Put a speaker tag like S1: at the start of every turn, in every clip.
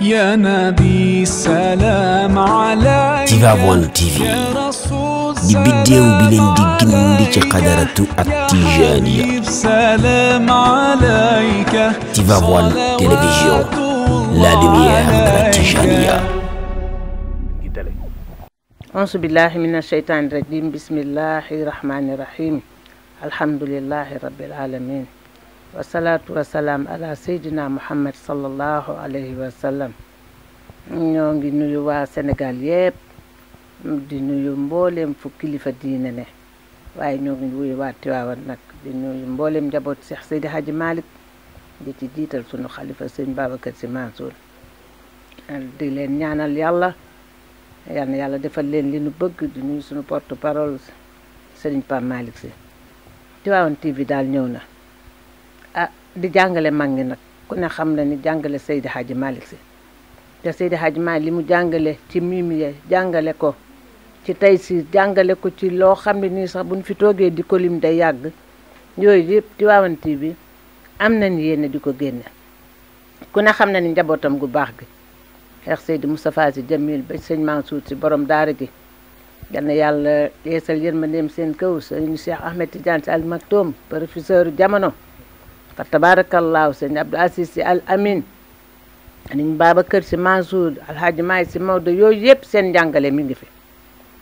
S1: يا نبي السلام عليك تيفافون تيفي دي بيديو بلين دي جندي تي قدرتو التيجانية
S2: سلام عليك تيفافون تلفزيون لا lumière de التيجانية Tijania أعوذ بالله من الشيطان الرجيم بسم الله الرحمن الرحيم الحمد لله رب العالمين wasalaatu wasalaam ala seydina muhammad sallallahu alayhi wa ñoo ngi nuyu waa senegal yépp di nuyu mbooleem fu kilifa diine ne waaye ñoo ngi nuyu waa Tiwaawan nag di nuyu mboolem njaboot Cheikh Seydi Hadji Malick di ci jiital sunu xalifa sëñ Babacar Sy Mansour di leen ñaanal yàlla yal na yàlla defal leen li nu bëgg di nuyu sunu porte parole sëriñ Pape Malick Sy Tiwaawan TV daal ñëw na di jàngale mag ni nag ku ne xam na ni jàngale Seydi Hadji Malick Sy te Seydi Hadji li mu jàngale ci mimiye jàngale ko ci tey si jàngale ko ci loo xam ne ni sax buñ fi toogee di ko lim day yàgg yooyu yëpp Tivaouane TV bi am nañ yéene di ko génne ku ne xam na ni njabootam gu baax gi xeex Seydi Moustapha Sy Jamil ba sëñ Mansour Sy borom daara gi yal na yàlla yeesal yërmandeem seen kaw sëñ Cheikh Ahmed Tidiane Sy Al Maktoum professeur fa tabaarakallaahu sëñ Abdou Aziz Sy Al Amin niñ Babacar Sy Mansour Alhaaji Maay Sy Maodo yooyu yëpp seen njàngale mi ngi fi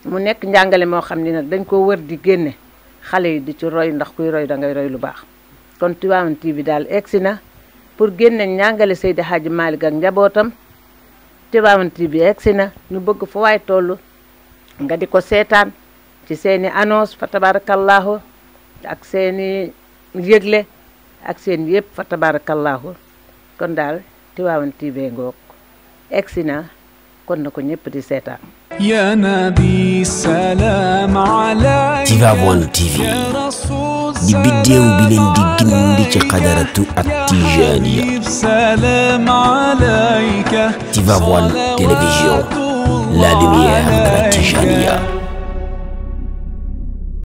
S2: mu nekk njàngale moo xam ni nag dañ ko wër di génne xale yi di ci roy ndax kuy roy da ngay roy lu baax kon Tivaouane TV daal egsi na pour génne njàngale Seydi Hadji Malick ak njabootam Tivaouane TV egsi na ñu bëgg fo waay toll nga di ko seetaan ci seeni annonce fa tabaarakallaahu ak seeni yëgle ak seen yépp fa tabaarakallaahu kon daal Tivaouane TV ngoog egsi kon na ko di seetaan
S1: ya nabi alayka TV ya di biddéew bi leen di gindi ci xadaratu ya ak tijaaniya Tivaouane télévision la lumière